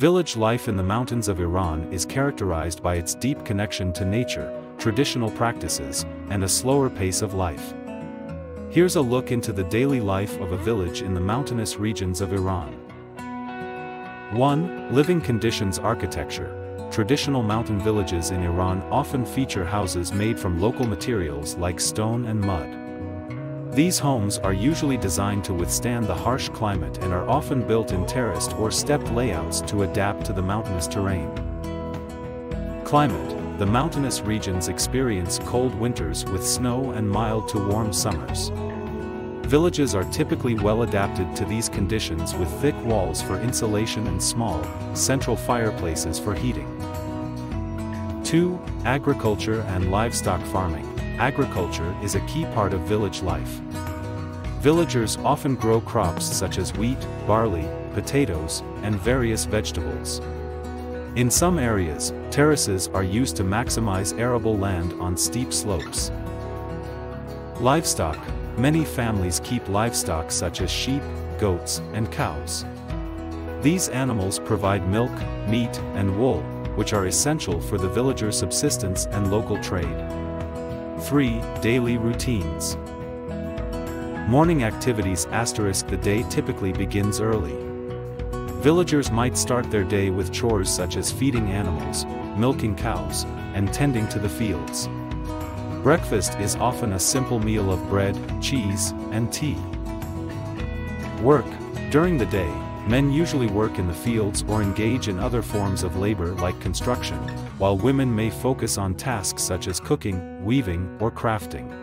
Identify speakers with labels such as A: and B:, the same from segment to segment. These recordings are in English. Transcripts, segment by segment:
A: Village life in the mountains of Iran is characterized by its deep connection to nature, traditional practices, and a slower pace of life. Here's a look into the daily life of a village in the mountainous regions of Iran. 1. Living Conditions Architecture Traditional mountain villages in Iran often feature houses made from local materials like stone and mud. These homes are usually designed to withstand the harsh climate and are often built in terraced or stepped layouts to adapt to the mountainous terrain. Climate The mountainous regions experience cold winters with snow and mild to warm summers. Villages are typically well adapted to these conditions with thick walls for insulation and small, central fireplaces for heating. 2. Agriculture and livestock farming agriculture is a key part of village life. Villagers often grow crops such as wheat, barley, potatoes, and various vegetables. In some areas, terraces are used to maximize arable land on steep slopes. Livestock Many families keep livestock such as sheep, goats, and cows. These animals provide milk, meat, and wool, which are essential for the villager's subsistence and local trade. 3. Daily routines. Morning activities asterisk the day typically begins early. Villagers might start their day with chores such as feeding animals, milking cows, and tending to the fields. Breakfast is often a simple meal of bread, cheese, and tea. Work, during the day, Men usually work in the fields or engage in other forms of labor like construction, while women may focus on tasks such as cooking, weaving, or crafting.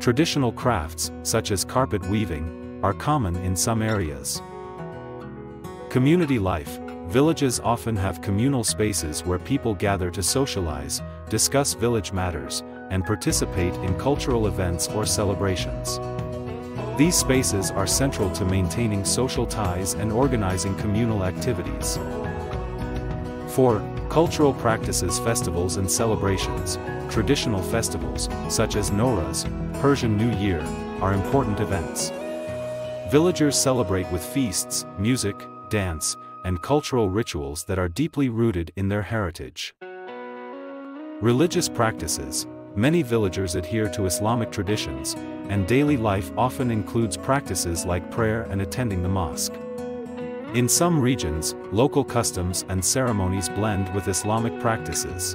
A: Traditional crafts, such as carpet weaving, are common in some areas. Community life Villages often have communal spaces where people gather to socialize, discuss village matters, and participate in cultural events or celebrations. These spaces are central to maintaining social ties and organizing communal activities. 4. Cultural practices festivals and celebrations. Traditional festivals, such as Noras, Persian New Year, are important events. Villagers celebrate with feasts, music, dance, and cultural rituals that are deeply rooted in their heritage. Religious practices, many villagers adhere to Islamic traditions, and daily life often includes practices like prayer and attending the mosque. In some regions, local customs and ceremonies blend with Islamic practices.